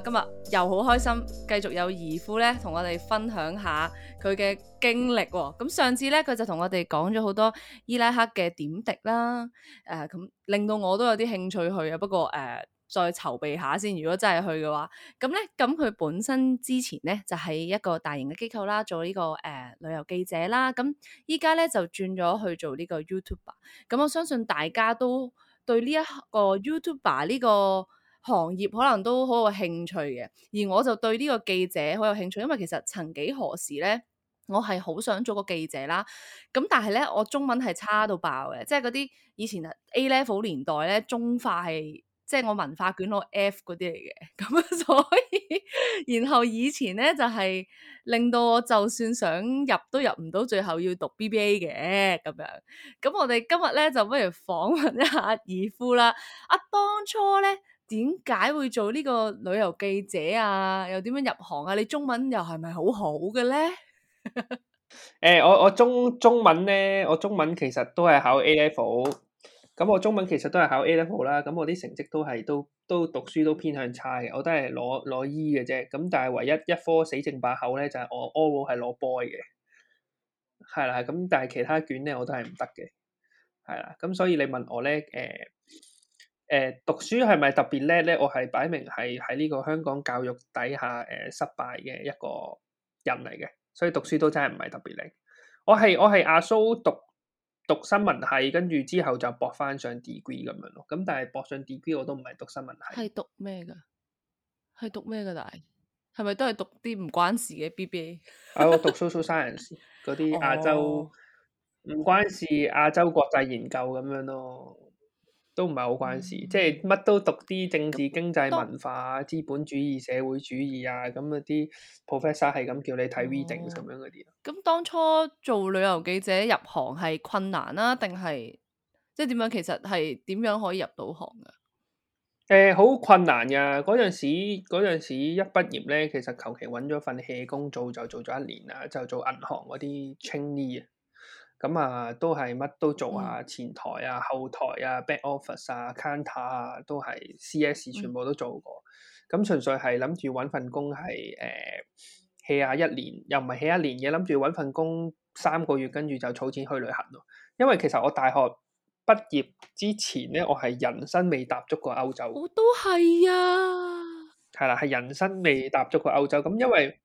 今日又好開心，繼續有怡富咧，同我哋分享下佢嘅經歷、哦。咁、嗯、上次咧，佢就同我哋講咗好多伊拉克嘅點滴啦。誒、呃，咁、嗯、令到我都有啲興趣去啊。不過誒、呃，再籌備下先。如果真係去嘅話，咁、嗯、咧，咁、嗯、佢本身之前咧就喺、是、一個大型嘅機構啦，做呢、這個誒、呃、旅遊記者啦。咁依家咧就轉咗去做呢個 YouTuber、嗯、咁我相信大家都對呢一個 YouTuber 呢、這個行業可能都好有興趣嘅，而我就對呢個記者好有興趣，因為其實曾幾何時咧，我係好想做個記者啦。咁但係咧，我中文係差到爆嘅，即係嗰啲以前 A level 年代咧，中化係即係我文化卷攞 F 嗰啲嚟嘅。咁所以，然後以前咧就係、是、令到我就算想入都入唔到，最後要讀 BBA 嘅咁樣。咁我哋今日咧就不如訪問一下怡富啦。啊，當初咧～點解會做呢個旅遊記者啊？又點樣入行啊？你中文又係咪好好嘅呢？誒，我我中中文呢，我中文其實都係考 A level。咁我中文其實都係考 A level 啦。咁我啲成績都係都都讀書都偏向差嘅，我都係攞攞 E 嘅啫。咁但係唯一一科死剩把口呢，就係我 overall 係攞 boy 嘅。係啦，咁但係其他卷呢，我都係唔得嘅。係啦，咁所以你問我呢，誒。誒，讀書係咪特別叻咧？我係擺明係喺呢個香港教育底下誒、呃、失敗嘅一個人嚟嘅，所以讀書都真係唔係特別叻。我係我係阿蘇讀讀，讀新聞系，跟住之後就博翻上 degree 咁樣咯。咁但係博上 degree 我都唔係讀新聞系，讀讀是是是讀係讀咩噶？係讀咩噶？大係咪都係讀啲唔關事嘅 BBA 啊，我讀 social science 嗰啲 亞洲唔、oh. 關事，亞洲國際研究咁樣咯。都唔係好關事，嗯、即係乜都讀啲政治經濟文化啊、資本主義社會主義啊咁嗰啲 professor 係咁叫你睇 reading 咁樣嗰啲。咁、嗯、當初做旅遊記者入行係困難啦、啊，定係即係點樣？其實係點樣可以入到行啊？誒、呃，好困難啊。嗰陣時，嗰陣時一畢業咧，其實求其揾咗份 hea 工做就做咗一年啦，就做銀行嗰啲清衣啊。咁啊，都係乜都做啊，嗯、前台啊、後台啊、back office 啊、counter 啊，都係 C.S. 全部都做過。咁、嗯、純粹係諗住揾份工係誒，起、呃、下一年又唔係起一年嘅，諗住揾份工三個月，跟住就儲錢去旅行咯、啊。因為其實我大學畢業之前咧，我係人生未踏足過歐洲。我都係啊，係啦，係人生未踏足過歐洲。咁因為，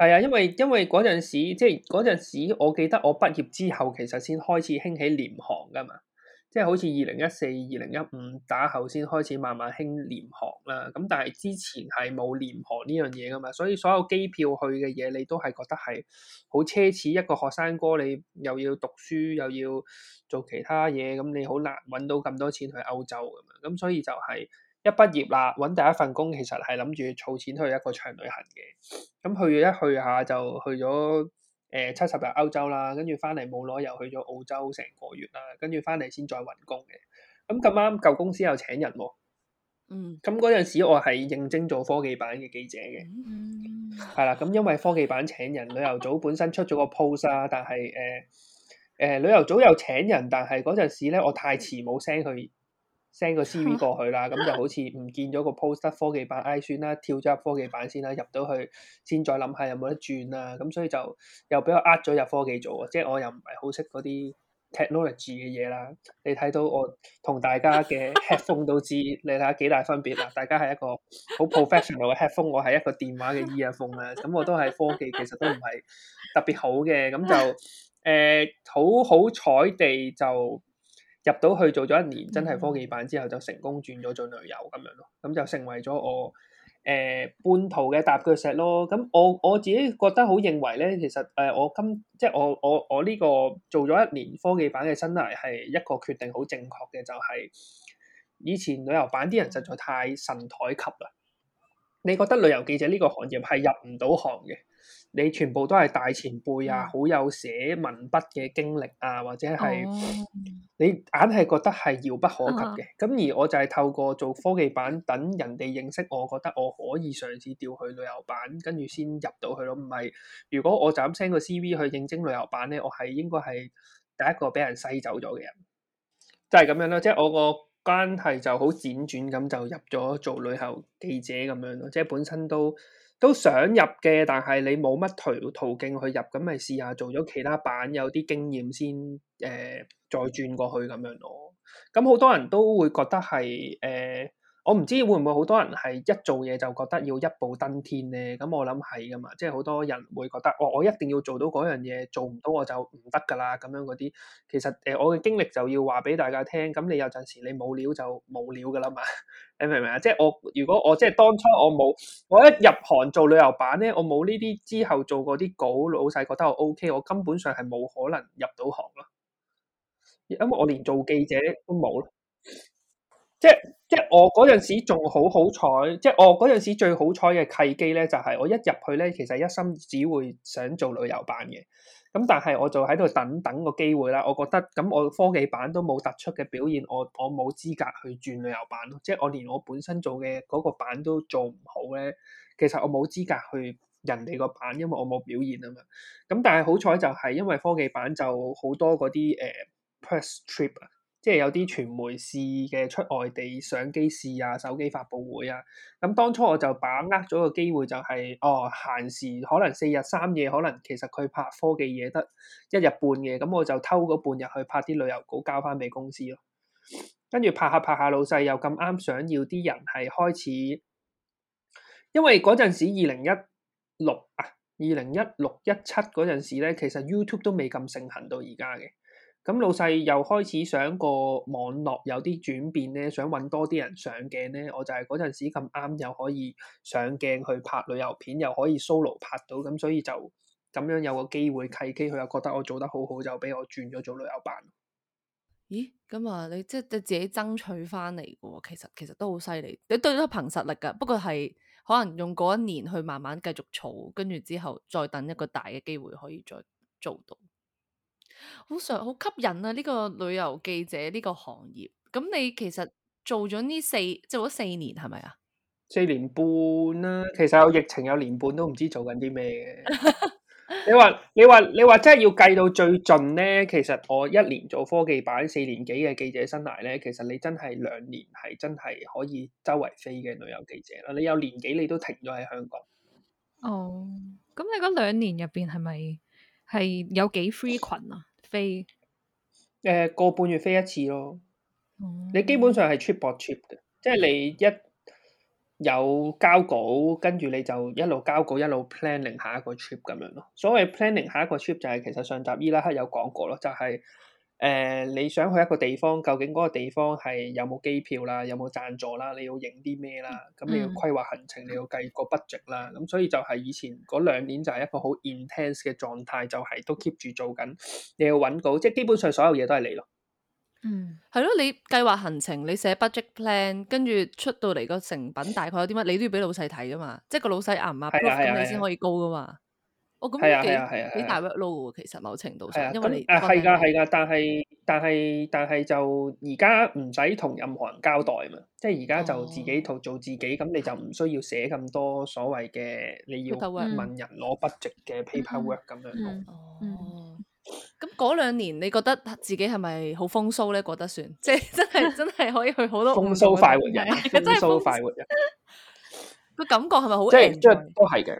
係啊，因為因為嗰陣時，即係嗰陣時，我記得我畢業之後，其實先開始興起廉航噶嘛，即係好似二零一四、二零一五打後先開始慢慢興廉航啦。咁但係之前係冇廉航呢樣嘢噶嘛，所以所有機票去嘅嘢，你都係覺得係好奢侈。一個學生哥，你又要讀書，又要做其他嘢，咁你好難揾到咁多錢去歐洲噶嘛。咁所以就係、是。一畢業啦，搵第一份工，其實係諗住儲錢去一個長旅行嘅。咁去一去一下就去咗誒七十日歐洲啦，跟住翻嚟冇耐，又去咗澳洲成個月啦，跟住翻嚟先再揾工嘅。咁咁啱舊公司又請人、哦，嗯，咁嗰陣時我係應徵做科技版嘅記者嘅，係啦、嗯。咁因為科技版請人，旅遊組本身出咗個 post 啦，但係誒誒旅遊組又請人，但係嗰陣時咧我太遲冇 send 去。send 個 CV 過去啦，咁就好似唔見咗個 post 科技版。唉，算啦，跳咗入科技版先啦，入到去先再諗下有冇得轉啦，咁所以就又俾我呃咗入科技做，即係我又唔係好識嗰啲 technology 嘅嘢啦。你睇到我同大家嘅 headphone 都知，你睇下幾大分別啦。大家係一個好 professional 嘅 headphone，我係一個電話嘅 e 耳 phone 啦。咁我都係科技，其實都唔係特別好嘅，咁就誒、呃、好好彩地就。入到去做咗一年，真係科技版之後就成功轉咗做旅遊咁樣咯，咁就成為咗我誒、呃、半途嘅搭腳石咯。咁我我自己覺得好認為咧，其實誒、呃、我今即係我我我呢個做咗一年科技版嘅生涯係一個決定好正確嘅，就係、是、以前旅遊版啲人實在太神台級啦。你覺得旅遊記者呢個行業係入唔到行嘅？你全部都係大前輩啊，好、嗯、有寫文筆嘅經歷啊，或者係、嗯、你硬係覺得係遙不可及嘅。咁、嗯嗯、而我就係透過做科技版，等人哋認識，我覺得我可以嘗試調去旅遊版，跟住先入到去咯。唔係，如果我就咁 send 個 CV 去應徵旅遊版咧，我係應該係第一個俾人篩走咗嘅人。就係、是、咁樣咯，即係我個關係就好輾轉咁就入咗做旅遊記者咁樣咯，即係本身都。都想入嘅，但係你冇乜途途徑去入，咁咪試下做咗其他版有啲經驗先，誒、呃、再轉過去咁樣咯。咁、哦、好多人都會覺得係誒。呃我唔知會唔會好多人係一做嘢就覺得要一步登天咧？咁我諗係噶嘛，即係好多人會覺得，我、哦、我一定要做到嗰樣嘢，做唔到我就唔得噶啦。咁樣嗰啲，其實誒、呃、我嘅經歷就要話俾大家聽。咁你有陣時你冇料就冇料噶啦嘛？你 明唔明啊？即係我如果我即係當初我冇我一入行做旅遊版咧，我冇呢啲之後做過啲稿，老細覺得我 O、OK, K，我根本上係冇可能入到行咯，因為我連做記者都冇。即係即係我嗰陣時仲好好彩，即係我嗰陣時最好彩嘅契機咧，就係我一入去咧，其實一心只會想做旅遊版嘅。咁但係我就喺度等等個機會啦。我覺得咁我科技版都冇突出嘅表現，我我冇資格去轉旅遊版咯。即係我連我本身做嘅嗰個版都做唔好咧，其實我冇資格去人哋個版，因為我冇表現啊嘛。咁但係好彩就係因為科技版就好多嗰啲誒 press trip 啊。即係有啲傳媒試嘅出外地相機試啊，手機發佈會啊，咁當初我就把握咗個機會，就是，就係哦閒時可能四日三夜，可能其實佢拍科技嘢得一日半嘅，咁我就偷嗰半日去拍啲旅遊稿，交翻俾公司咯。跟住拍下拍下，老細又咁啱想要啲人係開始，因為嗰陣時二零一六啊，二零一六一七嗰陣時咧，其實 YouTube 都未咁盛行到而家嘅。咁老細又開始想個網絡有啲轉變咧，想揾多啲人上鏡咧，我就係嗰陣時咁啱又可以上鏡去拍旅遊片，又可以 solo 拍到，咁所以就咁樣有個機會契機，佢又覺得我做得好好，就俾我轉咗做旅遊版。咦？咁啊，你即係你自己爭取翻嚟嘅喎，其實其實都好犀利，你都都憑實力㗎。不過係可能用嗰一年去慢慢繼續儲，跟住之後再等一個大嘅機會可以再做到。好上好吸引啊！呢個旅遊記者呢個行業，咁你其實做咗呢四做咗四年係咪啊？是是四年半啦、啊，其實有疫情有年半都唔知做緊啲咩嘅。你話你話你話真係要計到最盡咧，其實我一年做科技版四年幾嘅記者生涯咧，其實你真係兩年係真係可以周圍飛嘅旅遊記者啦。你有年幾你都停咗喺香港。哦，咁你嗰兩年入邊係咪係有幾 frequent 啊？飛誒、呃、個半月飛一次咯，嗯、你基本上係 trip by trip 嘅，即係你一有交稿，跟住你就一路交稿一路 planning 下一個 trip 咁樣咯。所謂 planning 下一個 trip 就係、是、其實上集伊拉克有講過咯，就係、是。誒，uh，你想去一個地方，究竟嗰個地方係有冇機票啦，有冇贊助啦，你要影啲咩啦？咁你要規劃行程，嗯、你要計個 budget 啦。咁所以就係以前嗰兩年就係一個好 intense 嘅狀態，就係、是、都 keep 住做緊。你要揾稿，即係基本上所有嘢都係你咯。嗯，係咯，你計劃行程，你寫 budget plan，跟住出到嚟個成品大概有啲乜，你都要俾老細睇㗎嘛。即係個老細啱唔啱，咁你先可以高㗎嘛。哦，咁係啊，係啊，係啊，幾大鑊喎，其實某程度上，因為你啊，係噶，係噶，但係，但係，但係就而家唔使同任何人交代嘛，即係而家就自己做做自己，咁你就唔需要寫咁多所謂嘅你要問人攞 budget 嘅 paper work 咁樣。哦，咁嗰兩年你覺得自己係咪好風騷咧？覺得算，即係真係真係可以去好多風騷快活人，真係快活人。個感覺係咪好即係即係都係嘅？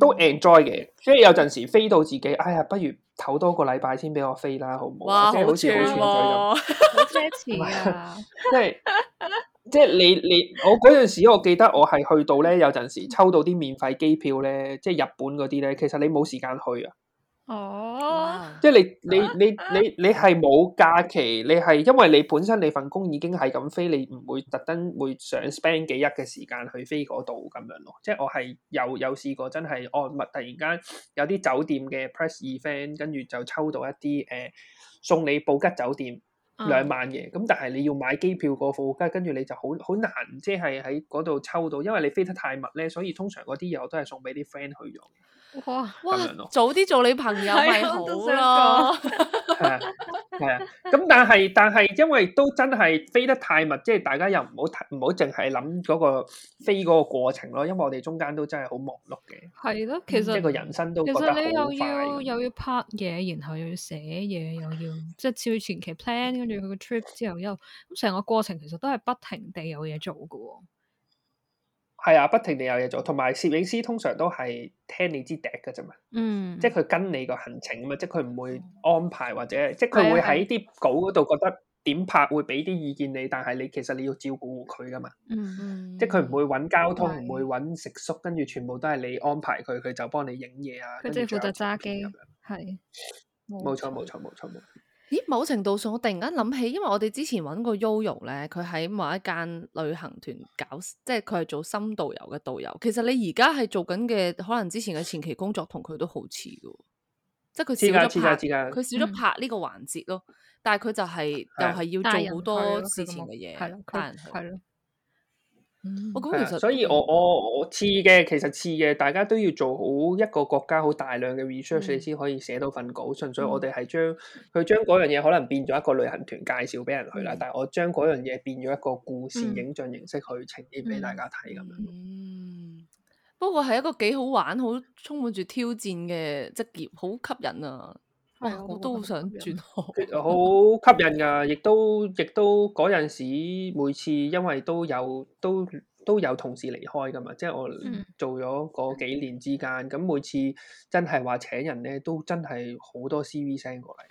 都 enjoy 嘅，即係有陣時飛到自己，哎呀，不如唞多個禮拜先俾我飛啦，好唔好？哇即係好似好串仔咁，好奢侈，即係即係你你我嗰陣時，我記得我係去到咧，有陣時抽到啲免費機票咧，即係日本嗰啲咧，其實你冇時間去啊。哦，哇即係你哇你你你你係冇假期，你係因為你本身你份工已經係咁飛，你唔會特登會想 spend 幾日嘅時間去飛嗰度咁樣咯。即係我係有有試過真係按密突然間有啲酒店嘅 press event，跟住就抽到一啲誒、呃、送你布吉酒店、嗯、兩晚嘅，咁但係你要買機票過布吉跟住你就好好難即係喺嗰度抽到，因為你飛得太密咧，所以通常嗰啲嘢我都係送俾啲 friend 去用。哇，咁嘩早啲做你朋友咪 好咯。係啊，係 啊。咁但係，但係，但因為都真係飛得太密，即、就、係、是、大家又唔好唔好淨係諗嗰個飛嗰個過程咯。因為我哋中間都真係好忙碌嘅。係咯，其實一、嗯、個人生都覺得好快嘅。又要又要拍嘢，然後又要寫嘢，又要即係照前期 plan，跟住佢個 trip 之後又咁成個過程，其實都係不停地有嘢做嘅。係啊，不停地有嘢做，同埋攝影師通常都係聽你支笛嘅啫嘛。嗯，即係佢跟你個行程啊嘛，即係佢唔會安排或者，即係佢會喺啲稿嗰度覺得點拍會俾啲意見你，但係你其實你要照顧佢噶嘛。嗯嗯，即係佢唔會揾交通，唔會揾食宿，跟住全部都係你安排佢，佢就幫你影嘢啊。佢哋負責揸機咁樣，係。冇錯，冇錯，冇錯，冇。咦，某程度上我突然間諗起，因為我哋之前揾過 YoYo 咧，佢喺某一間旅行團搞，即係佢係做深度遊嘅導遊。其實你而家係做緊嘅，可能之前嘅前期工作同佢都好似噶，即係佢少咗拍，佢少咗拍呢個環節咯。但係佢就係、係嘅、又係要做好多之前嘅嘢，係咯，係咯。我咁、oh, Yeah, 其實，所以我我我似嘅，其實似嘅，大家都要做好一個國家好大量嘅 research，你先可以寫到份稿。嗯、純粹我哋係將佢將嗰樣嘢可能變咗一個旅行團介紹俾人去啦，嗯、但係我將嗰樣嘢變咗一個故事影像形式去呈現俾大家睇，咁、嗯、樣。嗯，不過係一個幾好玩、好充滿住挑戰嘅職業，好吸引啊！我、oh, 都好想轉行。 好吸引噶，亦都亦都嗰陣時，每次因為都有都都有同事離開噶嘛，即係我做咗嗰幾年之間，咁、嗯、每次真係話請人咧，都真係好多 CV send 過嚟。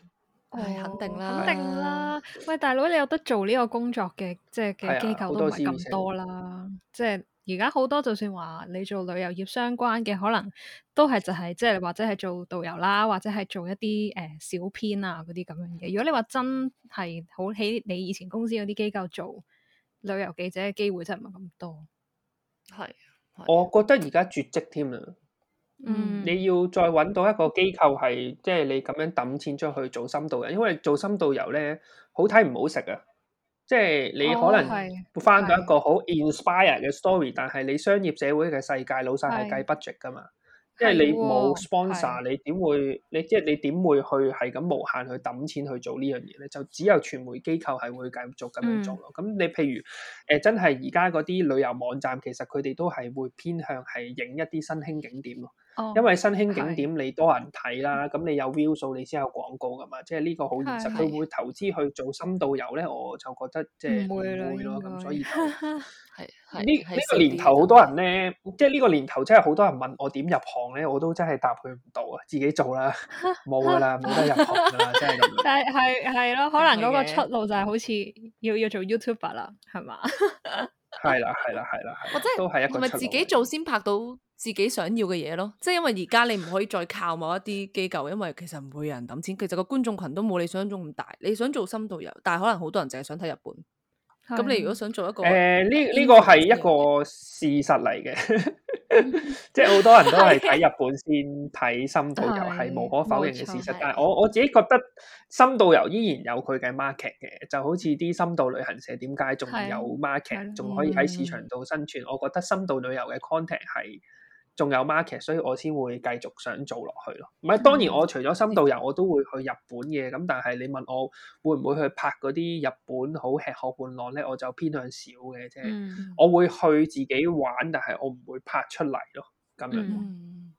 誒肯定啦，肯定啦。喂，大佬，你有得做呢個工作嘅，即係嘅機構都唔係咁多啦，即係。而家好多就算話你做旅遊業相關嘅，可能都係就係即係或者係做導遊啦，或者係做，做一啲誒、呃、小編啊嗰啲咁樣嘅。如果你話真係好起，你以前公司嗰啲機構做旅遊記者嘅機會，真係唔係咁多。係，我覺得而家絕跡添啦。嗯，你要再搵到一個機構係，即、就、係、是、你咁樣抌錢出去做深度遊，因為做深度遊咧，好睇唔好食啊。即係你可能翻到一個好 inspire 嘅 story、哦、但係你商業社會嘅世界老細係計 budget 噶嘛，是即係你冇 sponsor，你點會你即係你點會去係咁無限去揼錢去做呢樣嘢咧？就只有傳媒機構係會繼續咁樣做咯。咁、嗯、你譬如誒、呃，真係而家嗰啲旅遊網站，其實佢哋都係會偏向係影一啲新興景點咯。哦、因為新興景點你多人睇啦，咁是你有 view 數你先有廣告噶嘛，即係呢個好現實。佢是會投資去做深度遊咧，我就覺得即係唔會咯。咁所以係呢呢個年頭好多人咧，即係呢個年頭真係好多人問我點入行咧，我都真係答佢唔到啊，自己做啦，冇噶啦，冇得入行噶啦，真係。但係係係咯，可能嗰個出路就係好似要要做 YouTuber 啦，係嘛？ 係啦，係啦、哦，係啦、哦，係、哦。我真係，同咪、哦啊、自己做先拍到自己想要嘅嘢咯。即、就、係、是、因為而家你唔可以再靠某一啲機構， 因為其實唔會有人抌錢。其實個觀眾群都冇你想像中咁大。你想做深度遊，但係可能好多人淨係想睇日本。咁你如果想做一個，誒呢、呃？呢、這個係、這個、一個事實嚟嘅， 即係好多人都係睇日本先睇深度遊，係 是無可否認嘅事實。但係我我自己覺得深度遊依然有佢嘅 market 嘅，就好似啲深度旅行社點解仲有 market，仲是可以喺市場度生存？ 我覺得深度旅遊嘅 content 係。仲有 market，所以我先會繼續想做落去咯。唔係，當然，我除咗深度遊，我都會去日本嘅。咁但係你問我會唔會去拍嗰啲日本好吃喝玩樂咧，我就偏向少嘅啫。嗯、我會去自己玩，但係我唔會拍出嚟咯。咁樣、嗯。嗯、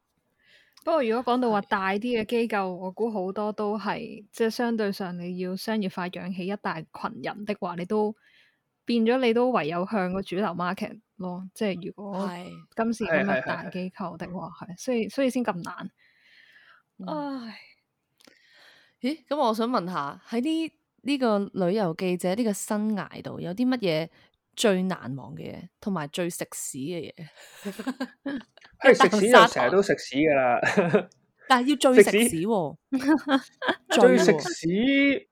不過如果講到話大啲嘅機構，的我估好多都係即係相對上你要商業化養起一大群人的話，你都變咗你都唯有向個主流 market。咯、哦，即係如果是今時今日大機構的話，係，所以所以先咁難。唉、嗯，咦、哎？咁我想問下，喺呢呢個旅遊記者呢、這個生涯度，有啲乜嘢最難忘嘅嘢，同埋最食屎嘅嘢？食 屎就成日都食屎㗎喇， 但係要最食屎，最食屎，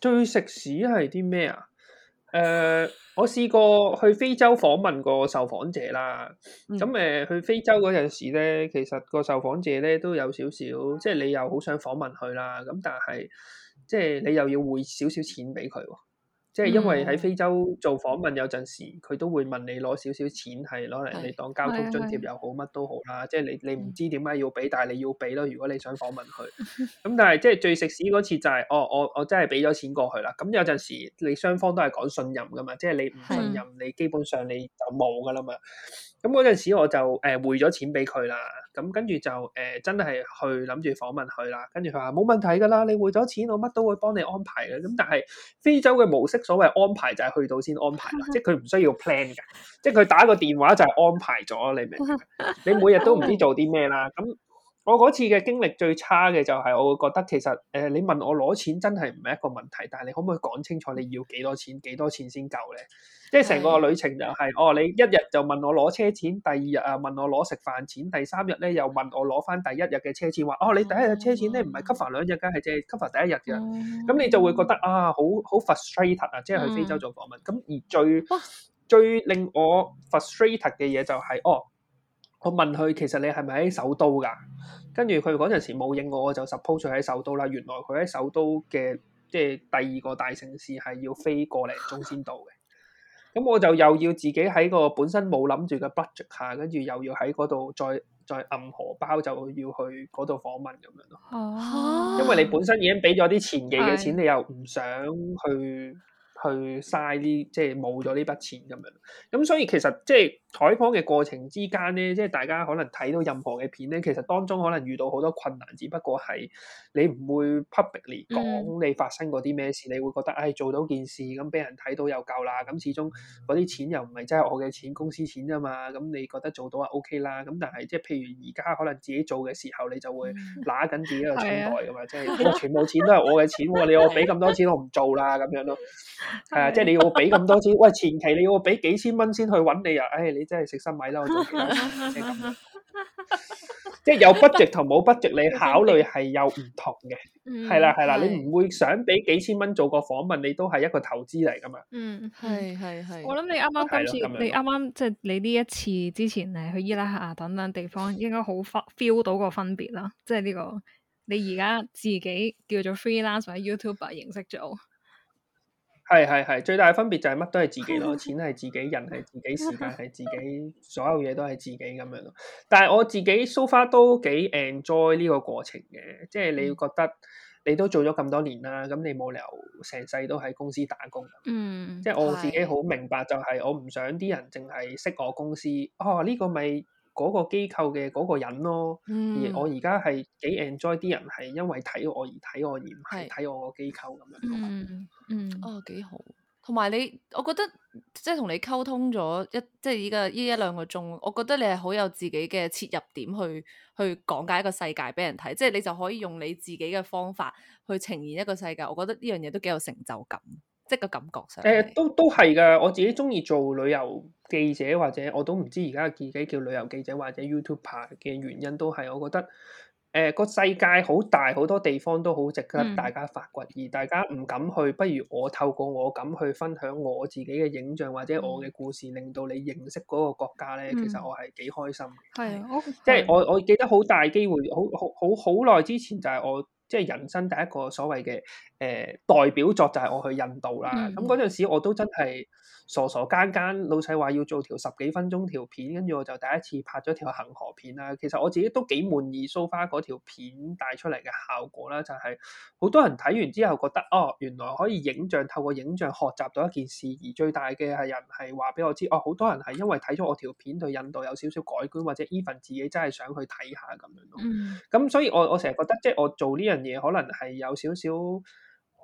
最食屎係啲咩啊？誒、呃，我試過去非洲訪問過受訪者啦。咁誒、嗯呃，去非洲嗰陣時咧，其實個受訪者咧都有少少，即係你又好想訪問佢啦。咁但係，即係你又要匯少少錢俾佢喎。即係因為喺非洲做訪問、嗯、有陣時，佢都會問你攞少少錢，係攞嚟你當交通津貼又好，乜是都好啦。是即係你你唔知點解要俾，但係你要俾咯。如果你想訪問佢，咁、嗯嗯、但係即係最食屎嗰次就係、是，哦我我真係俾咗錢過去啦。咁有陣時你雙方都係講信任噶嘛，即係你唔信任的你，基本上你就冇噶啦嘛。咁嗰陣時我就誒、呃、匯咗錢俾佢啦，咁跟住就誒、呃、真係去諗住訪問佢啦，跟住佢話冇問題噶啦，你匯咗錢，我乜都會幫你安排嘅。咁、嗯、但係非洲嘅模式，所謂安排就係去到先安排啦，即係佢唔需要 plan 嘅，即係佢打個電話就係安排咗，你明？你每日都唔知做啲咩啦，咁、嗯。 我嗰次嘅經歷最差嘅就係我會覺得其實誒、呃、你問我攞錢真係唔係一個問題，但係你可唔可以講清楚你要幾多錢，幾多錢先夠咧？即係成個旅程就係、是、的哦，你一日就問我攞車錢，第二日啊問我攞食飯錢，第三日咧又問我攞翻第一日嘅車錢，話哦你第一日車錢咧唔係 cover 兩日嘅，係只係 cover 第一日嘅，咁、嗯嗯、你就會覺得啊好好 frustrated 啊，即係、啊就是、去非洲做訪問。咁、嗯、而最最令我 frustrated 嘅嘢就係、是、哦。我問佢其實你係咪喺首都㗎？跟住佢嗰陣時冇應我，我就 assume 住喺首都啦。原來佢喺首都嘅即係第二個大城市，係要飛個零鐘先到嘅。咁我就又要自己喺個本身冇諗住嘅 budget 下，跟住又要喺嗰度再再揼荷包，就要去嗰度訪問咁樣咯。啊、哈 因為你本身已經俾咗啲前期嘅錢，是你又唔想去。去嘥啲，即係冇咗呢筆錢咁樣。咁所以其實即係採訪嘅過程之間咧，即係大家可能睇到任何嘅片咧，其實當中可能遇到好多困難，只不過係你唔會 public 嚟講你發生過啲咩事。你會覺得唉、哎、做到件事咁俾人睇到又夠啦。咁始終嗰啲錢又唔係真係我嘅錢，公司錢啫嘛。咁你覺得做到啊 OK 啦。咁但係即係譬如而家可能自己做嘅時候，你就會揦緊自己嘅錢袋噶嘛。即係全部錢都係我嘅錢， 哦、你要我俾咁多錢我唔做啦咁樣咯。係啊，即係你要我俾咁多錢，喂，前期你要我俾幾千蚊先去揾你啊！唉、哎，你真係食新米啦，我做其他 即係有 budget 同冇 budget，你考慮係有唔同嘅，係啦係啦，你唔會想俾幾千蚊做個訪問，你都係一個投資嚟㗎嘛。嗯，係係係，我諗你啱啱今次的你啱啱即係你呢一次之前誒去伊拉克啊等等地方，應該好 feel 到個分別啦。即係呢個你而家自己叫做 freelancer 啦，或者 YouTuber 形式做。係係係，最大嘅分別就係乜都係自己咯，錢係自己，人係自己，時間係自己，所有嘢都係自己咁樣咯。但係我自己 so far 都幾 enjoy 呢個過程嘅，即係你覺得你都做咗咁多年啦，咁你冇理由成世都喺公司打工。嗯，即係我自己好明白，就係我唔想啲人淨係識我公司。哦，呢個咪～嗰個機構嘅嗰個人咯，嗯、而我而家係幾 enjoy 啲人係因為睇我而睇我而唔係睇我個機構咁樣，嗯嗯，啊、嗯哦、幾好。同埋你，我覺得即係同你溝通咗一即係依家呢一兩個鐘，我覺得你係好有自己嘅切入點去去講解一個世界俾人睇，即係你就可以用你自己嘅方法去呈現一個世界。我覺得呢樣嘢都幾有成就感。即、呃、都都係㗎。我自己鍾意做旅遊記者，或者我都唔知而家自己叫旅遊記者或者 YouTuber 嘅原因都，都係我覺得誒個、呃、世界好大，好多地方都好值得大家發掘。嗯、而大家唔敢去，不如我透過我敢去分享我自己嘅影像或者我嘅故事，令到你認識嗰個國家咧。其實我係幾開心嘅。嗯 okay. 即係我我記得好大機會，好好好好耐之前就係我。即係人生第一個所謂嘅誒、呃、代表作就係我去印度啦，咁嗰陣時我都真係。傻傻更更，老細話要做條十幾分鐘條片，跟住我就第一次拍咗條恒河片啦。其實我自己都幾滿意蘇花嗰條片帶出嚟嘅效果啦，就係好多人睇完之後覺得哦，原來可以影像透過影像學習到一件事。而最大嘅係人係話俾我知，哦，好多人係因為睇咗我條片對印度有少少改觀，或者 even 自己真係想去睇下咁樣咯。咁所以我我成日覺得即係我做呢樣嘢可能係有少少，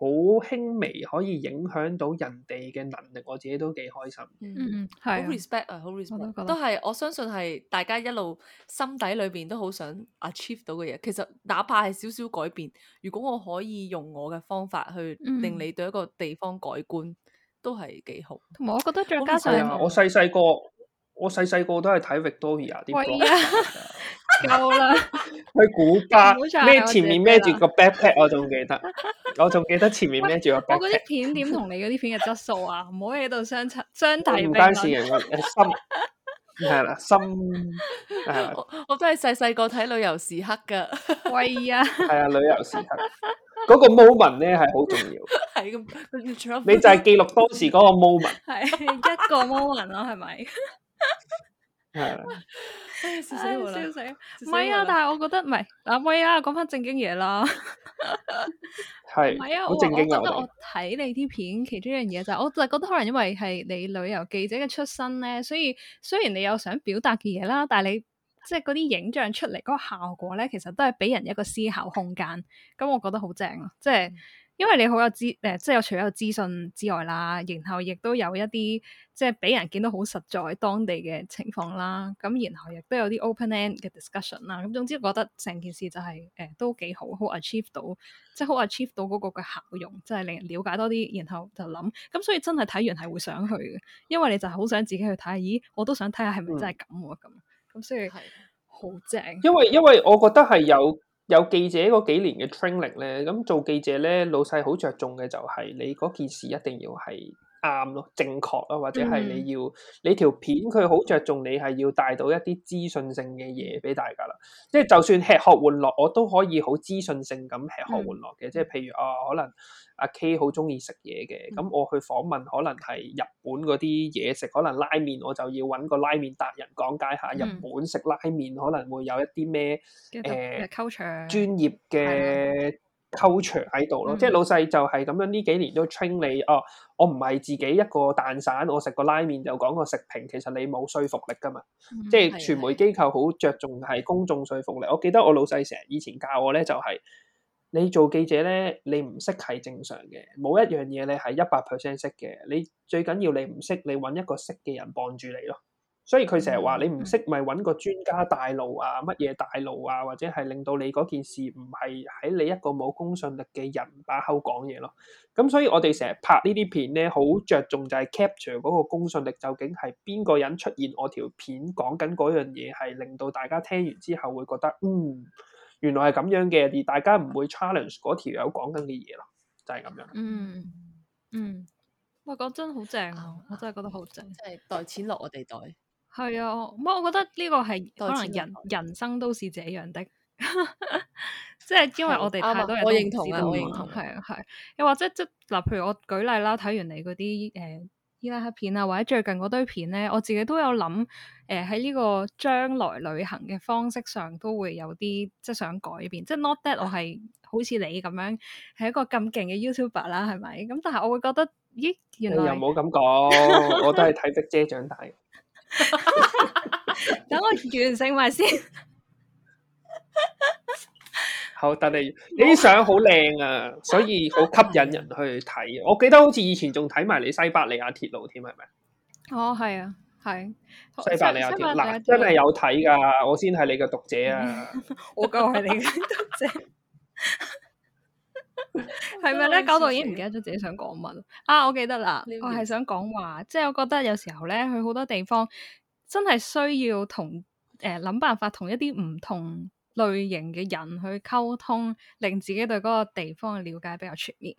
好輕微可以影響到人哋嘅能力，我自己都幾開心。嗯嗯，係。好 respect 啊，好 respect、啊。啊、都係，我相信係大家一路心底裏邊都好想 achieve 到嘅嘢。其實哪怕係少少改變，如果我可以用我嘅方法去令你對一個地方改觀，嗯、都係幾好。嗯、同埋時我覺得再加上我細細個，我細細個都係睇 Victoria 啲歌。夠啦！去古巴咩？前面孭住個 backpack，我仲記得，我仲記得前面孭住個包。我嗰啲片點同你嗰啲片嘅質素啊？唔好喺度相差相提並論。唔關事嘅，心係啦，心。我我都係細細個睇旅遊時刻噶，喂啊，係啊，旅遊時刻嗰個 moment 咧係好重要，係咁，你就係記錄當時嗰個 moment，係一個 moment 咯，係咪？係，笑唉死我啦！笑唉死，死，唔係啊，死死但係我覺得唔係阿唔啊，講翻正經嘢啦。係 是，唔係啊，我正經我我覺得我睇你啲片，其中一樣嘢就係，我就覺得可能因為係你旅遊記者嘅出身咧，所以雖然你有想表達嘅嘢啦，但係你即係嗰啲影像出嚟嗰個效果咧，其實都係俾人一個思考空間。咁我覺得好正啊，即、就、係、是。因為你好有資誒、呃，即係除咗有資訊之外啦，然後亦都有一啲即係俾人見到好實在當地嘅情況啦。咁然後亦都有啲 open end 嘅 discussion 啦。咁總之覺得成件事就係、是、誒、呃、都幾好，好 achieve 到，即係好 achieve 到嗰個嘅效用，即係令人了解多啲，然後就諗。咁所以真係睇完係會想去嘅，因為你就好想自己去睇。咦，我都想睇下係咪真係咁咁咁。嗯、所以係好正。的棒因為因為我覺得係有。有記者嗰幾年嘅 training 咧，咁做記者咧，老細好着重嘅就係，你嗰件事一定要係。啱咯，正確咯，或者係你要、嗯、你條片佢好着重你係要帶到一啲資訊性嘅嘢俾大家啦。即係就算吃喝玩樂，我都可以好資訊性咁吃喝玩樂嘅。嗯、即係譬如哦，可能阿 K 好中意食嘢嘅，咁、嗯、我去訪問可能係日本嗰啲嘢食，可能拉麵我就要揾個拉麵達人講解下、嗯、日本食拉麵可能會有一啲咩誒 culture 專業嘅、嗯。溝長喺度咯，mm hmm. 即係老細就係咁樣呢幾年都 train 你哦，我唔係自己一個蛋散，我食個拉麵就講個食評，其實你冇說服力噶嘛，mm hmm. 即係傳媒機構好着重係公眾說服力。Mm hmm. 我記得我老細成日以前教我咧就係、是，你做記者咧你唔識係正常嘅，冇一樣嘢你係一百 percent 識嘅，你最緊要你唔識，你揾一個識嘅人幫住你咯。所以佢成日話你唔識咪揾個專家帶路啊，乜嘢帶路啊，或者係令到你嗰件事唔係喺你一個冇公信力嘅人把口講嘢咯。咁所以我哋成日拍呢啲片咧，好着重就係 capture 嗰個公信力究竟係邊個人出現，我條片講緊嗰樣嘢係令到大家聽完之後會覺得，嗯，原來係咁樣嘅，而大家唔會 challenge 嗰條友講緊嘅嘢咯，就係咁樣。嗯嗯，喂，嗯，講真好正啊，我真係覺得好正，即係袋錢落我哋袋。係啊，唔，我覺得呢個係可能人對人生都是這樣的，即 係因為我哋太多人認同啊，我認同，係啊係。又或者即嗱，譬如我舉例啦，睇完你嗰啲誒伊拉克片啊，或者最近嗰堆片咧，我自己都有諗誒喺呢個將來旅行嘅方式上都會有啲即係想改變。即係 not that 我係對好似你咁樣係一個咁勁嘅 YouTuber 啦，係咪？咁但係我會覺得咦，原來你又冇咁講， 我都係睇《的姐》長大。等 我完成埋先。好，但你啲相好靚啊，所以好吸引人去睇。我記得好似以前仲睇埋你西伯利亞鐵路添，係咪？哦，係啊，係西伯利亞鐵路，路啊，真係有睇噶，我先係你嘅讀者啊，我夠係你嘅讀者。係咪咧？搞到 已經唔記得咗自己想講乜啊，我記得啦，解我係想講話，即、就、係、是、我覺得有時候咧，去好多地方真係需要同誒諗辦法同一啲唔同類型嘅人去溝通，令自己對嗰個地方嘅了解比較全面。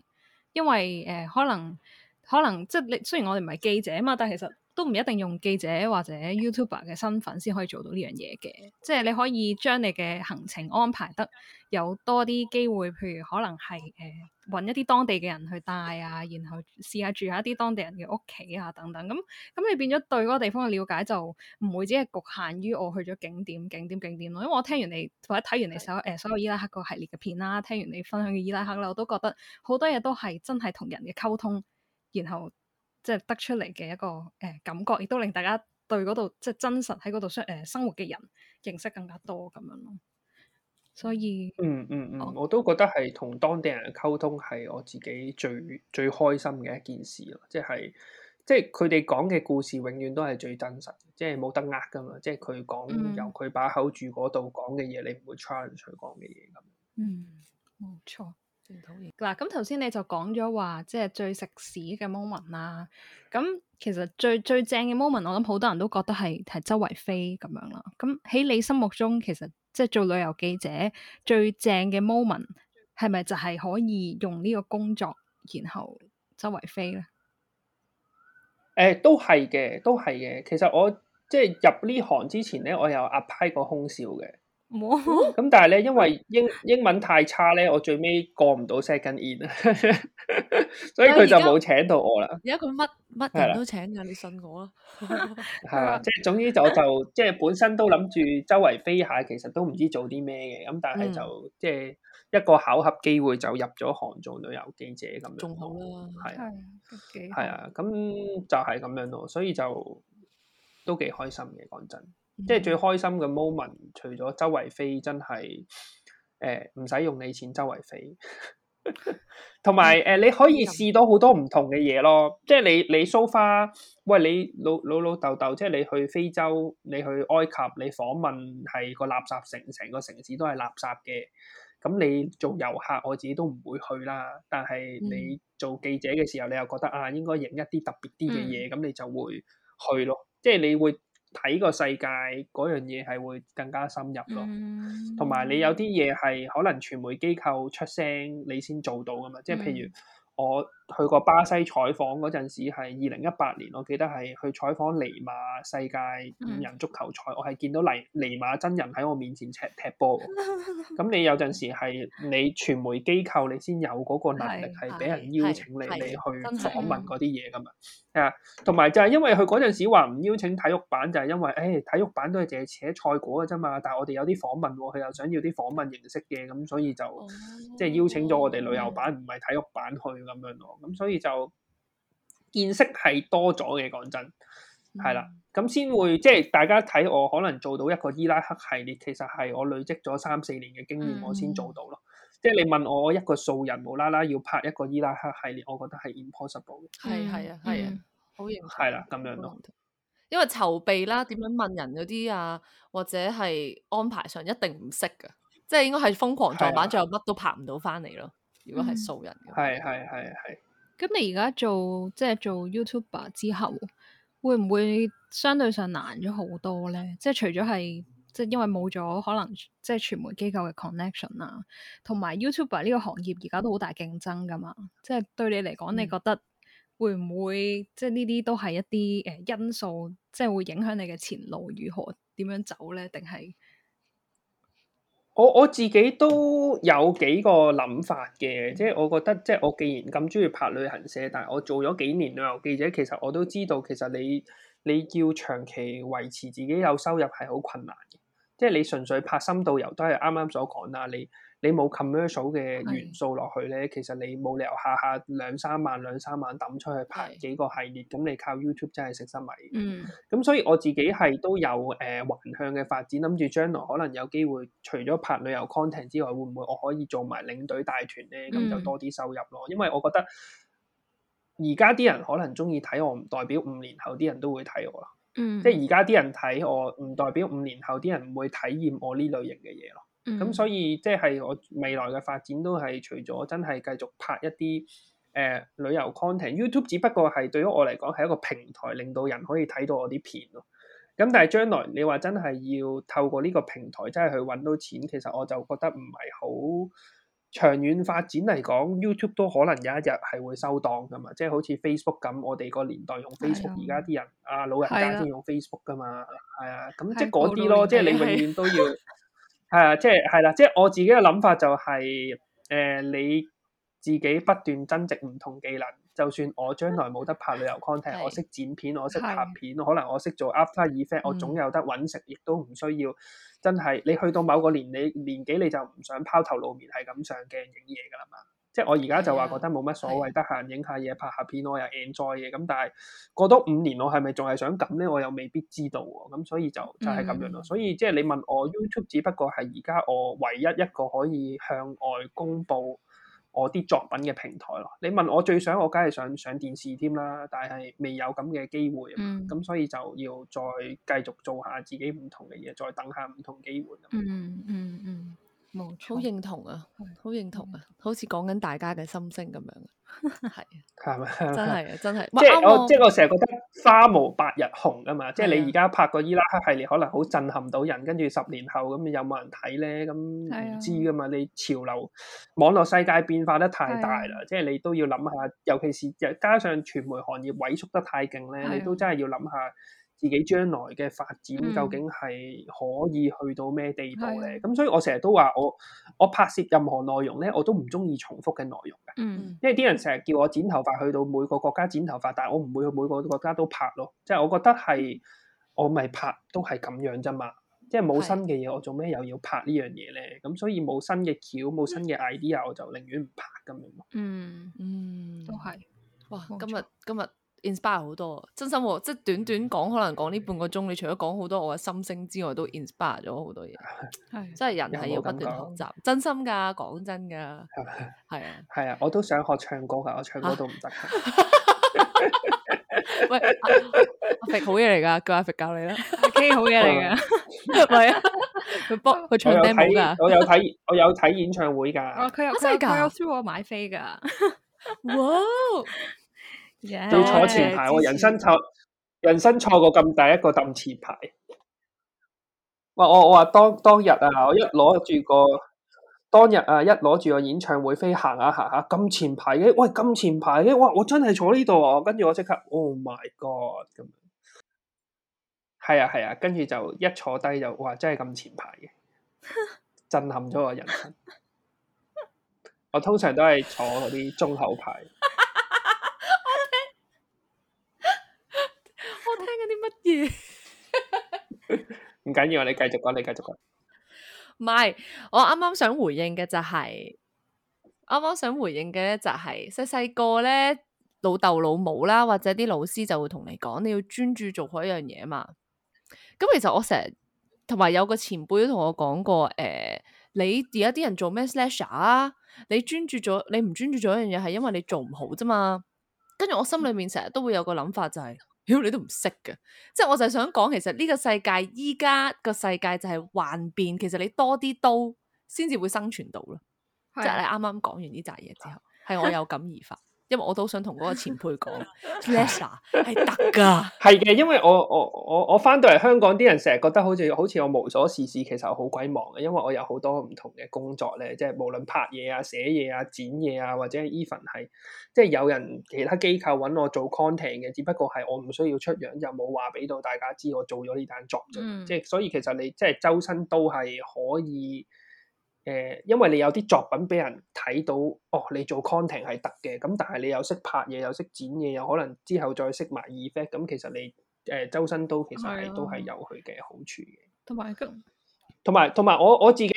因為誒、呃，可能可能即係你雖然我哋唔係記者啊嘛，但係其實。都唔一定用記者或者 YouTuber 嘅身份先可以做到呢樣嘢嘅，即係你可以將你嘅行程安排得有多啲機會，譬如可能係誒搵一啲當地嘅人去帶啊，然後試下住下一啲當地人嘅屋企啊等等。咁、嗯、咁、嗯嗯、你變咗對嗰個地方嘅了解就唔會只係局限於我去咗景點、景點、景點咯。因為我聽完你或者睇完你所誒的、呃、所有伊拉克個系列嘅片啦、啊，聽完你分享嘅伊拉克啦，我都覺得好多嘢都係真係同人嘅溝通，然後，即係得出嚟嘅一個誒、呃、感覺，亦都令大家對嗰度即係真實喺嗰度生誒生活嘅人認識更加多咁樣咯。所以嗯嗯嗯，嗯嗯哦、我都覺得係同當地人溝通係我自己最、嗯、最，最開心嘅一件事咯。即係即係佢哋講嘅故事，永遠都係最真實，即係冇得呃㗎嘛。即係佢講由佢把口住嗰度講嘅嘢，你唔會 challenge 佢講嘅嘢咁。嗯，冇、嗯、錯。嗱，咁頭先你就講咗話，即係最食屎嘅 moment 啦。咁其實最最正嘅 moment，我諗好多人都覺得係係周圍飛咁樣啦。咁喺你心目中，其實即係做旅遊記者最正嘅 moment，係咪就係可以用呢個工作，然後周圍飛咧？誒、呃，都係嘅，都係嘅。其實我即係入呢行之前咧，我有 apply 過空少嘅。冇咁、嗯，但係咧，因為英英文太差咧，我最尾過唔到 Second In，所以佢就冇請到我啦。而家佢乜乜人都請噶，的你信我啊！係啊的，即係 總之我就就即、是、係本身都諗住周圍飛下，其實都唔知做啲咩嘅。咁但係就即係、嗯、一個巧合機會就入咗行做旅遊記者咁樣，仲好啦。係係啊，咁就係咁樣咯，所以就都幾開心嘅，講真。即係最開心嘅 moment，除咗周圍飛，真係誒唔使用你錢周圍飛，同埋誒你可以試到好多唔同嘅嘢咯。即係你你 so far，喂你老老老豆豆，即係你去非洲，你去埃及，你訪問係個垃圾城，成個城市都係垃圾嘅。咁你做遊客，我自己都唔會去啦。但係你做記者嘅時候，你又覺得啊，應該影一啲特別啲嘅嘢，咁、嗯、你就會去咯。即係你會。睇個世界嗰樣嘢係會更加深入咯，同埋、嗯、你有啲嘢係可能傳媒機構出聲，你先做到㗎嘛？即係譬如我，去過巴西採訪嗰陣時係二零一八年，我記得係去採訪尼馬世界五人足球賽，嗯、我係見到尼尼馬真人喺我面前踢踢波。咁 你有陣時係你傳媒機構，你先有嗰個能力係俾人邀請你， 你去訪問嗰啲嘢㗎嘛？啊、嗯，同埋就係因為佢嗰陣時話唔邀請體育版，就係、是、因為誒、哎、體育版都係凈係寫賽果嘅啫嘛，但係我哋有啲訪問，佢又想要啲訪問形式嘅，咁所以就即係、嗯嗯、邀請咗我哋旅遊版，唔係體育版去咁樣咯。咁所以就見識係多咗嘅，講真係啦。咁、嗯、先會即係大家睇我可能做到一個伊拉克系列，其實係我累積咗三四年嘅經驗，我先做到咯。嗯、即係你問我一個素人無啦啦要拍一個伊拉克系列，我覺得係 impossible 的的。係係啊，係啊，好認同。係啦，咁樣咯。有 are. 因為籌備啦，點樣問人嗰啲啊，或者係安排上一定唔識嘅，即、就、係、是、應該係瘋狂撞板，最後乜都拍唔到翻嚟咯。嗯、如果係素人，人，係係係係。咁你而家做即係做 YouTuber 之後，會唔會相對上難咗好多咧？即係除咗係即係因為冇咗可能即係傳媒機構嘅 connection 啊，同埋 YouTuber 呢個行業而家都好大競爭㗎嘛。即係對你嚟講，嗯、你覺得會唔會即係呢啲都係一啲誒因素，即係會影響你嘅前路如何點樣走咧？定係？我我自己都有幾個諗法嘅，即係我覺得，即係我既然咁中意拍旅行社，但係我做咗幾年旅遊記者，其實我都知道，其實你你要長期維持自己有收入係好困難嘅，即係你純粹拍深度遊都係啱啱所講啦，你。你冇 commercial 嘅元素落去咧，的其實你冇理由下下兩三萬兩三萬抌出去拍幾個系列，咁的你靠 YouTube 真係食塞米。嗯，咁所以我自己係都有誒、呃、橫向嘅發展，諗住將來可能有機會除咗拍旅遊 content 之外，會唔會我可以做埋領隊大團咧？咁、嗯、就多啲收入咯。因為我覺得而家啲人可能中意睇我，唔代表五年後啲人都會睇我。嗯，即係而家啲人睇我，唔代表五年後啲人唔會體驗我呢類型嘅嘢咯。咁、嗯、所以即係我未來嘅發展都係除咗真係繼續拍一啲誒、呃、旅遊 content。YouTube 只不過係對於我嚟講係一個平台，令到人可以睇到我啲片咯。咁但係將來你話真係要透過呢個平台真係去揾到錢，其實我就覺得唔係好，長遠發展嚟講，YouTube 都可能有一日係會收檔噶嘛。即係好似 Facebook 咁，我哋個年代用 Facebook，而家啲、哎、呀人啊老人家先用 Facebook 噶嘛。係啊，咁即係嗰啲咯，即係、哎、你永遠都要。 係啊，即係係啦，即係我自己嘅諗法就係、是，誒、呃、你自己不斷增值唔同技能，就算我將來冇得拍旅遊 content 是我識剪片，我識拍片，是可能我識做 after effect，我總有得揾食，亦都唔需要真係你去到某個年你年紀，你，紀你就唔想拋頭露面係咁上鏡影嘢㗎啦嘛。即係我而家就話覺得冇乜所謂，得閒的影下嘢，拍下片我又 enjoy 嘅，咁但係過多五年我係咪仲係想咁咧？我又未必知道，咁所以就就係咁樣咯。嗯、所以即係你問我 YouTube 只不過係而家我唯一一個可以向外公布我啲作品嘅平台咯。你問我最想我，梗係想上電視添啦，但係未有咁嘅機會，咁、嗯、所以就要再繼續做下自己唔同嘅嘢，再等下唔同機會。嗯嗯。嗯嗯好認同啊，好認同啊，好似講緊大家嘅心聲咁樣，係、 啊，係咪？真係啊，真係。即係我，即係我成日覺得花無百日紅啊嘛。即係你而家拍個伊拉克系列，可能好震撼到人，跟住十年後咁，有冇人睇咧？咁唔知噶嘛。啊、你潮流網絡世界變化得太大啦，即係、啊、你都要諗下。尤其是加上傳媒行業萎縮得太勁咧，你都真係要諗下。自己將來嘅發展究竟係可以去到咩地步咧？咁、嗯、所以我成日都話我我拍攝任何內容咧，我都唔中意重複嘅內容嘅。嗯，因為啲人成日叫我剪頭髮，去到每個國家剪頭髮，但係我唔會去每個國家都拍咯。即係我覺得係我咪拍都係咁樣啫嘛。即係冇新嘅嘢，是我做咩又要拍呢樣嘢咧？咁所以冇新嘅橋，冇新嘅 idea，我就寧願唔拍咁樣。嗯嗯，都係。哇、哦！今日今日。今 inspire 好多，真心即係短短講，可能講呢半個鐘，你除咗講好多我嘅心聲之外，都 inspire 咗好多嘢。係的，真係人係要不斷學習，有有真心噶，講真噶，係啊，係啊，我都想學唱歌噶，我唱歌都唔得。啊、 喂、啊、阿肥好嘢嚟噶，叫阿肥教你啦。K 好嘢嚟噶，係啊， 佢播佢唱 demo 噶， 我有睇，我有睇演唱會噶，哦，佢又佢又收我買飛噶，哇 ！Wow! 要 Yeah, 坐前排，我人生錯，人生錯過咁大一個凳前排。哇！我我話當當日啊，我一攞住個當日啊，一攞住個演唱會飛行下行下，咁前排嘅，喂，咁前排嘅，哇！我真係坐呢度啊！跟住我即刻，Oh my God！咁樣，係啊係啊，跟住、啊、就一坐低就哇！真係咁前排嘅， 震撼咗我人生。我通常都係坐嗰啲中後排。 唔緊要啊，你繼續講，你繼續講。唔係，我啱啱想回應嘅就係、是，啱啱想回應嘅咧就係、是，細細個咧老豆老母啦，或者啲老師就會同你講，你要專注做一樣嘢嘛。咁其實我成日同埋有個前輩都同我講過，誒、呃，你而家啲人做咩 slash 啊？你專注咗，你唔專注咗一樣嘢，係因為你做唔好啫嘛。跟住我心裏面成日都會有個諗法、就是，就係。屌，你都唔識嘅，即係我就係想講，其實呢個世界依家個世界就係幻變，其實你多啲刀先至會生存到咯。即係的你啱啱講完呢扎嘢之後，係 我有感而發。因為我都想同嗰個前輩講 Fletcher 係得㗎。係嘅，因為我我我我翻到嚟香港，啲人成日覺得好似好似我無所事事，其實好鬼忙嘅。因為我有好多唔同嘅工作咧，即係無論拍嘢啊、寫嘢啊、剪嘢啊，或者 even 係即係有人其他機構揾我做 content 嘅，只不過係我唔需要出樣，又冇話俾到大家知我做咗呢單作。o、嗯、即係所以其實你即係周身都係可以。誒，因為你有啲作品俾人睇到，哦，你做 content 係得嘅，咁但係你又識拍嘢，又識剪嘢，又可能之後再識埋 effect，咁其實你誒，呃，周身都其實係了都係有佢嘅好處嘅。同埋，同埋，同埋，我我自己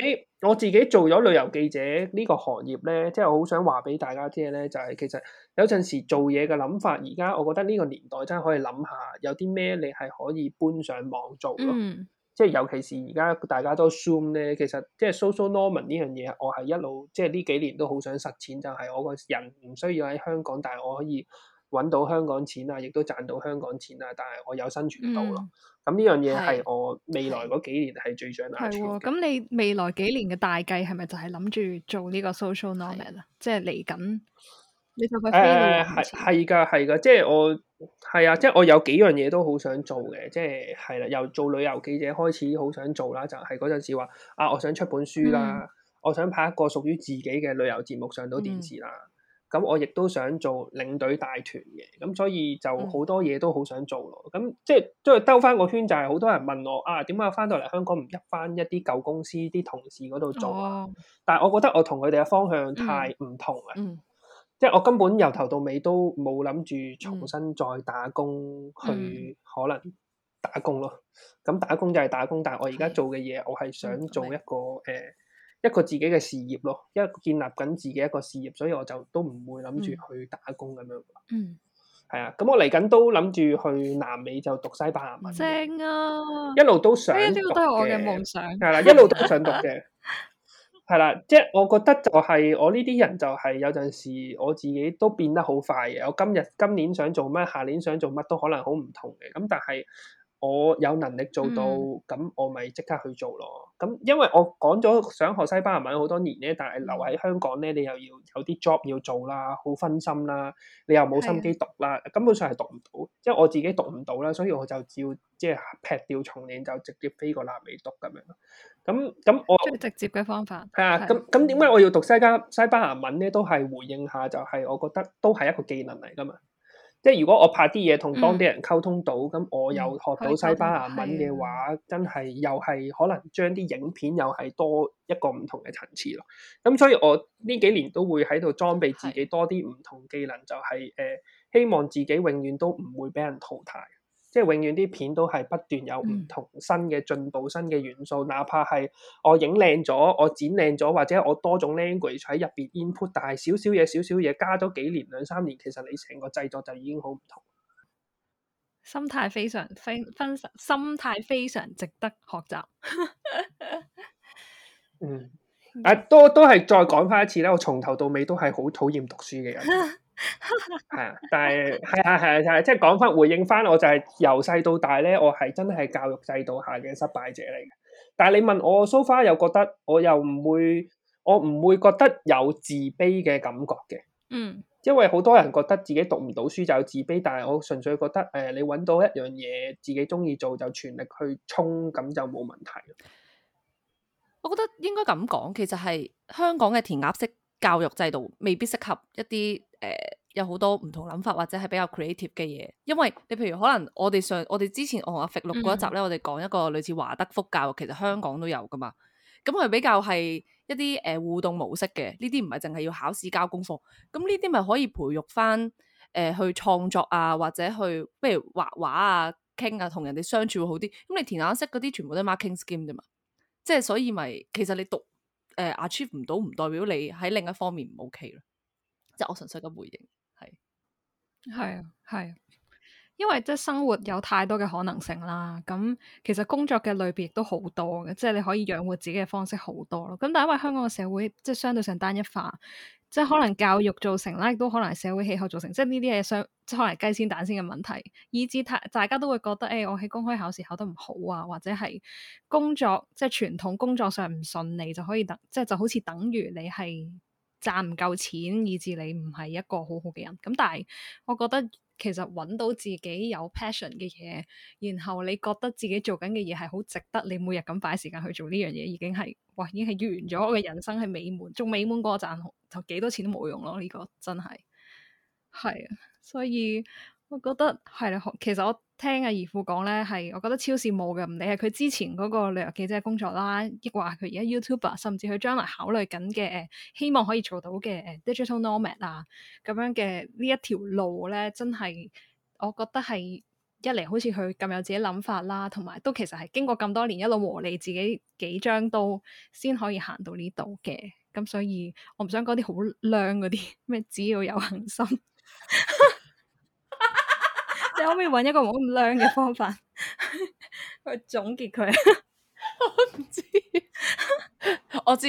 我自己做咗旅遊記者呢個行業咧，即係我好想話俾大家知咧，就係、是、其實有陣時做嘢嘅諗法，而家我覺得呢個年代真係可以諗下，有啲咩你係可以搬上網做咯。嗯即係尤其是而家大家都 zoom 咧，其實即係 social nomad 呢樣嘢，我係一路即係呢幾年都好想實踐，就係、是、我個人唔需要喺香港，但係我可以揾到香港錢啊，亦都賺到香港錢啊，但係我有生存到咯。咁呢樣嘢係我未來嗰幾年係最想係。係喎，咁你未來幾年嘅大計係咪就係諗住做呢個 social nomad 啊的？即係嚟緊。誒係係噶係噶即係我係啊，即係我有幾樣嘢都好想做嘅，即係係啦，由做旅遊記者開始好想做啦，就係嗰陣時話啊，我想出本書啦，嗯、我想拍一個屬於自己嘅旅遊節目上到電視啦，咁、嗯、我亦都想做領隊帶團嘅，咁所以就好多嘢都好想做咯，咁、嗯、即係都係兜翻個圈，就係好多人問我啊，點解翻到嚟香港唔入翻一啲舊公司啲同事嗰度做啊？哦、但係我覺得我同佢哋嘅方向太唔同啦。嗯嗯即係我根本由頭到尾都冇諗住重新再打工，嗯、去可能打工咯，咁打工就係打工，但係我而家做嘅嘢，我係想做一個誒一個自己嘅事業咯，一個建立緊自己一個事業，所以我就都唔會諗住去打工咁樣。嗯，係啊，咁我嚟緊都諗住去南美就讀西班牙文，正啊！一路都想讀，一路都係我嘅夢想。係啦，一路都想讀嘅。係啦，即係我覺得就係、是、我呢啲人就係、是、有陣時我自己都變得好快嘅，我今日今年想做乜，下年想做乜都可能好唔同嘅，咁但係。我有能力做到，咁、嗯、我咪即刻去做咯。咁因為我講咗想學西班牙文好多年咧，但係留喺香港咧，你又要有啲 job 要做啦，好分心啦，你又冇心機讀啦，的根本上係讀唔到。即係我自己讀唔到啦，嗯、所以我就照即係劈掉重練，就直接飛過南美讀咁樣。咁咁我直接嘅方法係啊。咁咁點解我要讀西加西班牙文咧？都係回應下，就係我覺得都係一個技能嚟噶嘛。即係如果我拍啲嘢同當地人溝通到，咁、嗯、我又學到西班牙文嘅話，嗯、真係又係可能將啲影片又係多一個唔同嘅層次咯。咁所以我呢幾年都會喺度裝備自己多啲唔同技能，嗯、就係、是、誒、呃、希望自己永遠都唔會俾人淘汰。即係永遠啲片都係不斷有唔同新嘅進步、嗯、新嘅元素，哪怕係我影靚咗、我剪靚咗，或者我多種 language 喺入邊 input，但係少少嘢、少少嘢加咗幾年、兩三年，其實你成個製作就已經好唔同。心態非常非分心態非常值得學習。 嗯，誒、啊，都都係再講返一次咧，我從頭到尾都係好討厭讀書嘅人。 係 啊，但係係 啊，係係、啊啊啊、即係講翻回應翻，我就係由細到大咧，我係真係教育制度下嘅失敗者嚟嘅。但係你問我蘇花，又覺得我又唔會，我唔會覺得有自卑嘅感覺嘅。嗯，因為好多人覺得自己讀唔到書就有自卑，但係我純粹覺得誒、呃，你搵到一樣嘢自己中意做，就全力去衝，咁就冇問題。我覺得應該咁講，其實係香港嘅填鴨式。教育制度未必適合一啲誒、呃、有好多唔同諗法或者係比較 creative 嘅嘢，因為你譬如可能我哋上我哋之前我同阿 Fit 錄過一集咧，嗯嗯我哋講一個類似華德福教育，其實香港都有噶嘛。咁、嗯、佢比較係一啲誒、呃、互動模式嘅，呢啲唔係淨係要考試交功課，咁呢啲咪可以培育翻誒、呃、去創作啊，或者去譬如畫畫啊、傾啊，同人哋相處會好啲。咁、嗯、你填顏色嗰啲全部都係 marking scheme 啫嘛，即、就、係、是、所以咪、就是、其實你讀。誒、呃、achieve 唔到唔代表你喺另一方面唔 OK 咯，即、就、係、是、我純粹嘅回應係係啊係、啊，因為即係生活有太多嘅可能性啦，咁、嗯、其實工作嘅類別亦都好多嘅，即、就、係、是、你可以養活自己嘅方式好多咯，咁、嗯、但係因為香港嘅社會即係、就是、相對上單一化。即係可能教育造成啦，亦都可能係社會氣候造成，即係呢啲嘢相，即係可能係雞先蛋先嘅問題，以致太大家都會覺得誒、哎，我喺公開考試考得唔好啊，或者係工作即係傳統工作上唔順利就可以等，即係就好似等於你係。賺唔夠錢，以致你唔係一個好好嘅人。咁但係，我覺得其實揾到自己有 passion 嘅嘢，然後你覺得自己做緊嘅嘢係好值得，你每日咁擺時間去做呢樣嘢，已經係，哇，已經係完咗我嘅人生係美滿，仲美滿過賺，就幾多錢都冇用咯。呢個真係係啊，所以我覺得係啦，其實我。聽阿怡富講咧，係我覺得超羨慕嘅。唔理係佢之前嗰個旅遊記者嘅工作啦，抑或佢而家 YouTuber，甚至佢將來考慮緊嘅，希望可以做到嘅 digital nomad 啊，咁樣嘅呢一條路咧，真係我覺得係一嚟好似佢咁有自己諗法啦，同埋都其實係經過咁多年一路磨利自己幾張刀，先可以行到呢度嘅。咁所以，我唔想講啲好娘嗰啲，咩只要有恆心。 你可唔可以搵一個冇咁娘嘅方法 去總結佢。 我唔不知， 我知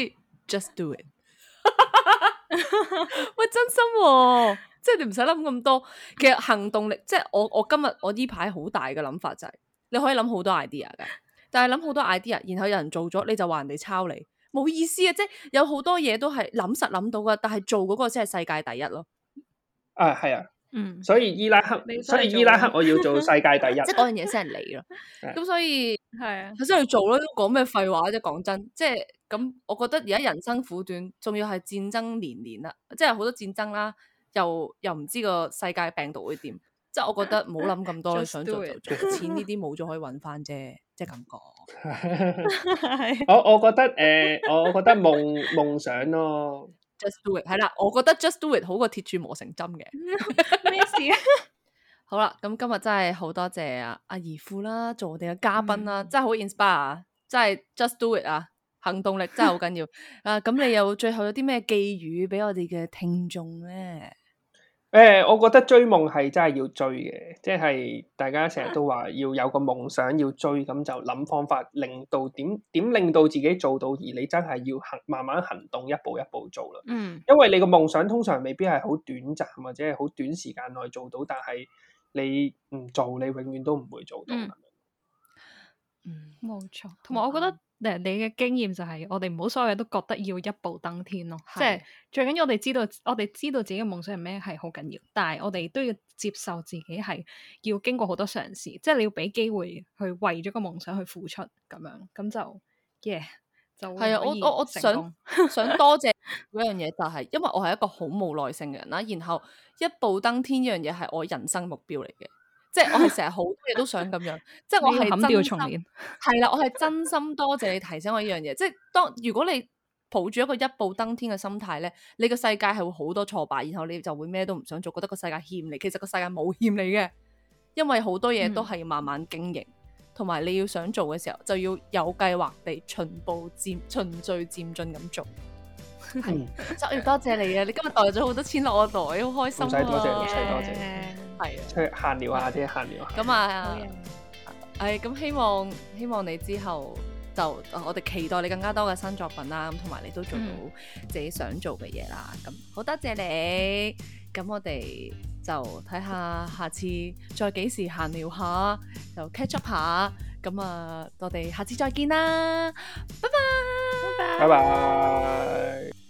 ，Just Do It。 喂，真心、哦，即係你唔使諗咁多。其實行動力，即係我我今日我呢排好大嘅諗法就係、是，你可以諗好多 idea 嘅，但係諗好多 idea，然後有人做咗，你就話人哋抄你，冇意思啊！即係有好多嘢都係諗實諗到噶，但係做嗰個先係世界第一咯。啊，係啊。嗯，所以伊拉克，所以伊拉克我要做世界第一，即係樣嘢，先係你咯。咁所以係啊，咁先去做咯。講咩廢話啫？講真，即係咁，我覺得而家人生苦短，仲要係戰爭連連啦，即係好多戰爭啦，又又唔知個世界病毒會點。即係我覺得冇諗咁多，想做就做，錢呢啲冇咗可以搵翻啫，即係咁講。我我覺得誒，我我覺得夢夢想咯。係啦，我覺得 just do it 好過鐵杵磨成針嘅。咩 事啊？好啦，咁今日真係好多謝阿阿怡富啦，做我哋嘅嘉賓啦，嗯、真係好 inspire，、啊、真係 just do it 啊，行動力真係好緊要 啊！咁你又最後有啲咩寄語俾我哋嘅聽眾咧？誒，我覺得追夢係真係要追嘅，即係大家成日都話要有個夢想要追，咁就諗方法令到點點令到自己做到，而你真係要行慢慢行動，一步一步做啦。嗯，因為你個夢想通常未必係好短暫或者係好短時間內做到，但係你唔做，你永遠都唔會做到。嗯，冇錯，同埋我覺得。你嘅經驗就係我哋唔好所有嘢都覺得要一步登天咯，即係、就是、是最緊要我哋知道，我哋知道自己嘅夢想係咩係好緊要，但係我哋都要接受自己係要經過好多嘗試，即、就、係、是、你要俾機會去為咗個夢想去付出咁樣，咁就耶，yeah, 就係啊！我我我想 想多謝嗰樣嘢就係，因為我係一個好冇耐性嘅人啦，然後一步登天呢樣嘢係我人生目標嚟嘅。 即係我係成日好多嘢都想咁樣， 即係我係。要砍掉重練。係啦，我係真心多謝你提醒我一樣嘢。即係當如果你抱住一個一步登天嘅心態咧，你個世界係會好多挫敗，然後你就會咩都唔想做，覺得個世界欠你。其實個世界冇欠你嘅，因為好多嘢都係要慢慢經營，同埋、嗯、你要想做嘅時候，就要有計劃地循步漸循序漸進咁做。 作業多謝你啊！你今日帶咗好多錢落我袋，好開心啊！唔使多謝，唔使多謝，係啊，出去閒聊下啫，閒聊下。咁啊，誒、哎，咁希望希望你之後就我哋期待你更加多嘅新作品啦，咁同埋你都做到自己想做嘅嘢啦。咁、嗯、好，多謝你。咁我哋就睇下下次再幾時閒聊下，就 Catch up 下。咁啊，我哋下次再見啦，拜拜，拜拜 bye。Bye bye